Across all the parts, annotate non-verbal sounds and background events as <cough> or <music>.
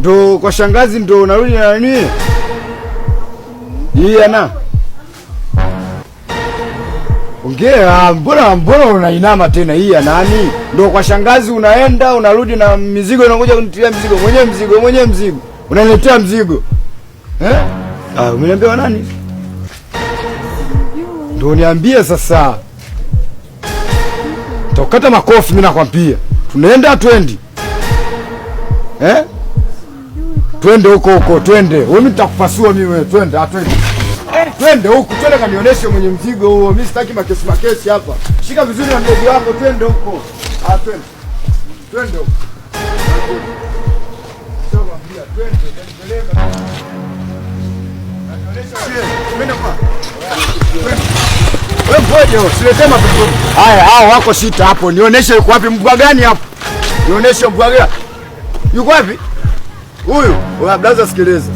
Ndo kwa shangazi ndo unarudi na nani? Yeye ana. Ongea, mbona mbona unainama tena hii ya nani? Ndo kwa shangazi unaenda unarudi na mizigo inakuja kunitia mzigo. mwenye mzigo, mwenye mzigo. Unaniletea mzigo. Eh? Ah, umeniambia nani? Ndo niambie sasa. Tokata makofi mimi nakwambia. Tunaenda twendi. Eh? Twende huko huko, twende. Wewe mimi nitakupasua mimi wewe, twende, atwende. Ah, eh. Twende huko, twende kanionyeshe mwenye mzigo huo. Mimi sitaki makesi makesi hapa. Shika vizuri na mdogo wako, twende huko. Ah, twende. Twende huko. Soma pia, twende, twende. Wewe ngoja, usilete matatizo. Haya, hao wako sita hapo. Nionyeshe yuko wapi mbwa gani hapo? Nionyeshe mbwa gani? Yuko wapi? huyu blaza, sikiliza,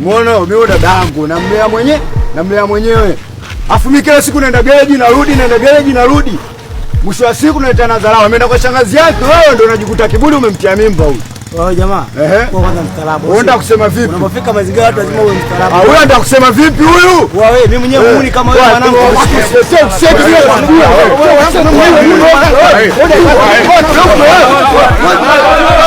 muona mimi na mlea mwenye mlea mwenyewe, afu mimi kila siku naenda gereji narudi, naenda gereji narudi, mwisho wa siku naitana dharau, ameenda kwa shangazi yake. Wewe ndio unajikuta kibuli umemtia mimba huyu. Wewe oh, jamaa, ehe, kwanza mstaarabu. Wewe unataka kusema vipi? Unapofika mazingira watu lazima uwe mstaarabu. Ah, wewe unataka kusema vipi huyu? Wewe mimi mwenyewe eh. muuni kama wewe mwanangu. Sio kusema vile kwa wewe. Wewe unataka kusema wewe.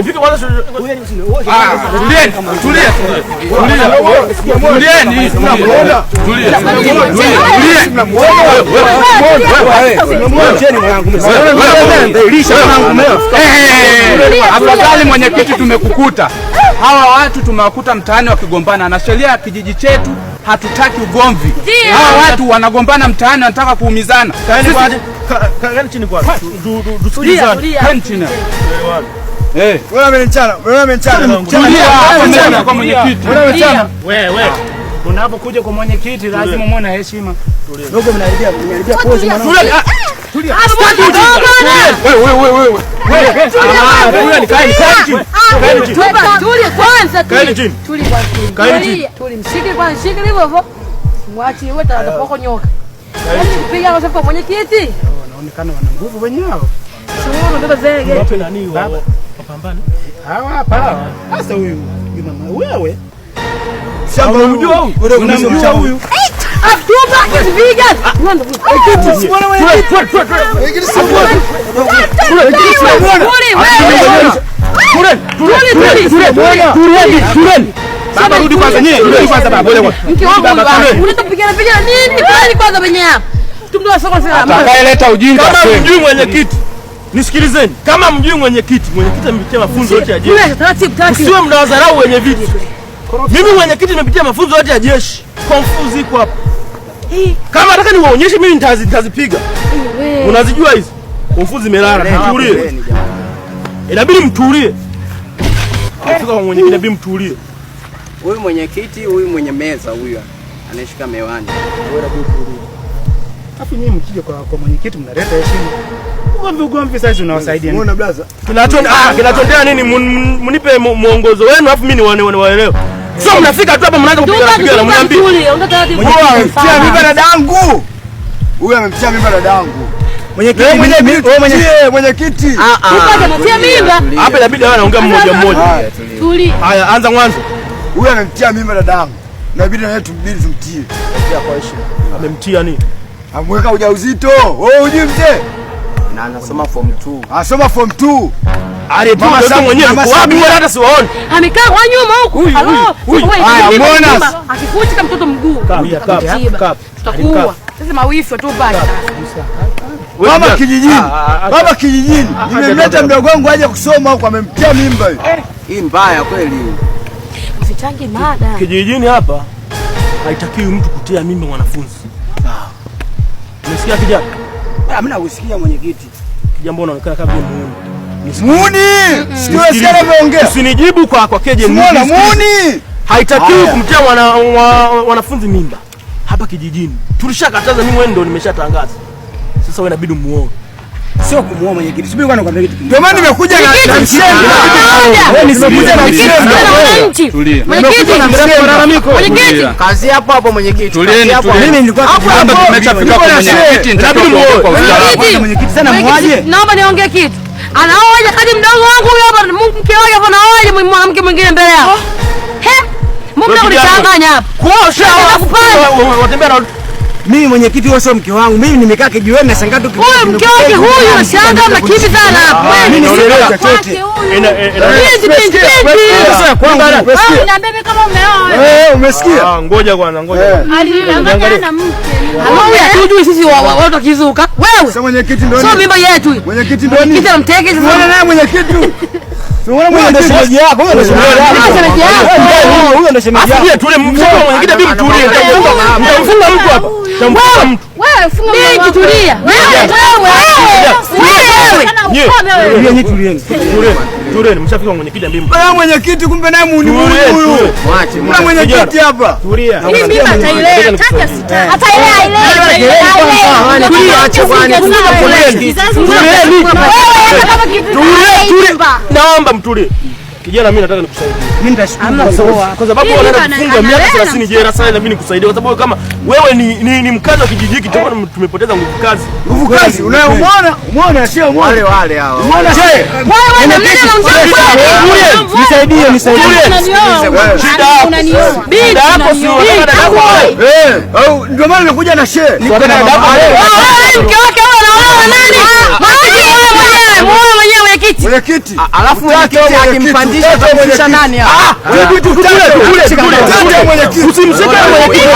ifike mwenye afadhali. tumekukuta hawa watu tumewakuta mtaani wakigombana na sheria ya kijiji chetu hatutaki ugomvi. Hawa watu wanagombana mtaani, wanataka kuumizana. Wewe unapokuja kwa mwenyekiti lazima muone heshima. Yaani, mwenyekiti wanaonekana oh, wana nguvu wenyewe. Pambana. Hawa hapa. Sasa huyu mama wewe. Shamba unamjua huyu? Unamjua huyu? Baba rudi kwanza nyewe, rudi kwanza baba, wewe kwanza. Mke wangu baba, unatupigana pigana nini? Kwani kwanza wenyewe hapa. Tumdoa soko sana. Atakayeleta ujinga. Kama mjui mwenye Nisikilizeni, kama mjui mwenyekiti, mwenyekiti amepitia mafunzo yote ya jeshi. Usiwe mnawadharau wenye viti. Mimi mwenyekiti nimepitia mafunzo yote ya jeshi. Confuse iko hapa. Kama nataka niwaonyeshe mimi nitazi nitazipiga. Unazijua hizi? Confuse imelala. Mtulie. Inabidi mtulie. Afika kwa mwenyekiti inabidi mtulie. Huyu mwenyekiti, huyu mwenye meza huyu anashika mewani. Wewe unabidi mtulie. Alafu nyinyi mkija kwa kwa mwenyekiti mnaleta heshima. Ugomvi ugomvi saizi unawasaidia. Unaona blaza? Kinachotendea ah, kinachotendea nini? Mnipe mwongozo wenu alafu mimi niwaone waelewe. Sio mnafika tu hapa mnaanza kupiga na kupiga na mnaambia. Mwenyewe amemtia mimba dadangu. Huyu amemtia mimba dadangu. Mwenyekiti wewe eh, mwenye oh, mwenyekiti. Ah ah. Amemtia mimba. Hapa inabidi awe anaongea mmoja mmoja. Tuli. Haya anza mwanzo. Huyu amemtia mimba dadangu. Inabidi na yetu mbili tumtie. Kwa heshima. Amemtia nini? Amweka ujauzito. Wewe hujui mzee? Na anasoma form 2. Anasoma form 2. mama wapi? hata siwaoni. Amekaa kwa nyuma huku. mtoto mguu. Sasa tu basi. Ah, ah, ah, Baba kijijini. Baba kijijini. Nimemleta mdogo wangu aje kusoma huko amemtia mimba hiyo. Eh. Hii mbaya kweli. Msichange mada. Kijijini hapa haitakiwi mtu kutia mimba mwanafunzi. Unasikia kijana? Hamna kusikia mwenyekiti. Kijana mbona unaonekana kama muuni? Muuni! Sio sio anaongea. Usinijibu kwa kwa keje muuni. Muuni! Haitakiwi kumtia wana, wanafunzi mimba hapa kijijini. Tulishakataza mimi, wewe ndio nimeshatangaza. Sasa wewe inabidi muone sio kumuoa mwenyekiti. Subiri kwanza nikwambie kitu. Ndio maana nimekuja na mwenyekiti. Kazi hapo hapo mwenyekiti. Tulieni tu. Mimi nilikuwa kwamba tumechafika kwa mwenyekiti. Inabidi muoe. Mwenyekiti sana muaje. Naomba niongee kitu. Anaoa kadi mdogo wangu huyo hapa mke wake hapo anaoa mwanamke mwingine mbele yao. He, mbona unachanganya hapo? Kwa sababu. Watembea na mimi mwenyekiti wao sio mke wangu. Mimi nimekaa kijiweni na shangaa tu kitu. huyo mke wake huyu shangaa makini sana. Kweli nimeelewa chochote. Hizi pindi pindi. Sasa kwangu unaambia kama umeoa. Eh, umesikia? Ah, ngoja bwana, ngoja. Eh. Alidanganya na mke. hatujui sisi watu kizuka. Wewe. Sasa mwenyekiti ndio. Sio mimba yetu. Mwenyekiti ndoni. Mwenyekiti mteke sasa. Wewe mwenyekiti. <laughs> Tulieni. Tureni, mshafika mwenyekiti ambaye mbaya mwenyekiti, kumbe naye muuni huyu. Mwache mwache mwenyekiti hapa. Tulia. Hii mimi atailea, tata sita. Atailea ile. Tulia, acha bwana. Tureni. Tureni. Naomba mtulie. Kijana mimi nataka nikusaidie. Kwa sababu unaenda miaka 30 jela sana, na mimi nikusaidia, kwa sababu kama wewe ni, ni, ni mkazi wa kijiji hiki, tumepoteza nguvu kazi. Nguvu kazi unayomwona, umeona sio wale wale hao. Umeona shehe, wewe mimi naongea, nisaidie, nisaidie, shida yako sio dada yako au oh, ndio maana nakuja na shehe, mke wake anaoa nani? Ah, mwenyekiti. Mwenyekiti. Alafu mwenyekiti akimpandisha nani kule kule kule. mwenyekiti. Usimshike mwenyekiti.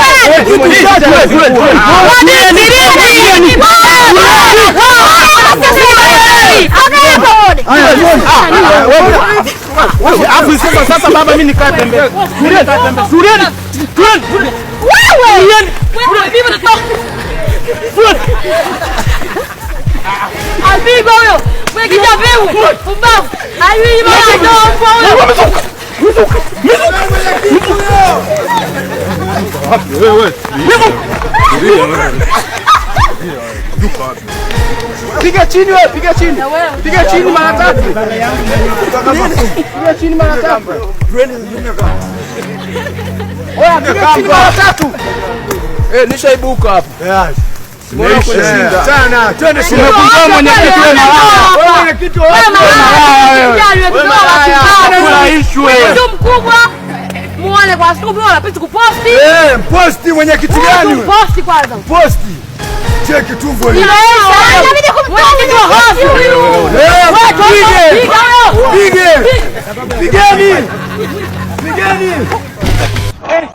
Kule kule kule. Abiba huyo mwenyekiti abibu mbavu aliwima ya ndomo huyo. Piga chini wewe, piga chini. Piga chini mara tatu. Piga chini mara tatu. Wewe piga chini mara tatu. Eh, nishaibuka hapa. Yes mkubwa muone kwa gani? Mposti Cheki tu Pigeni. Pigeni.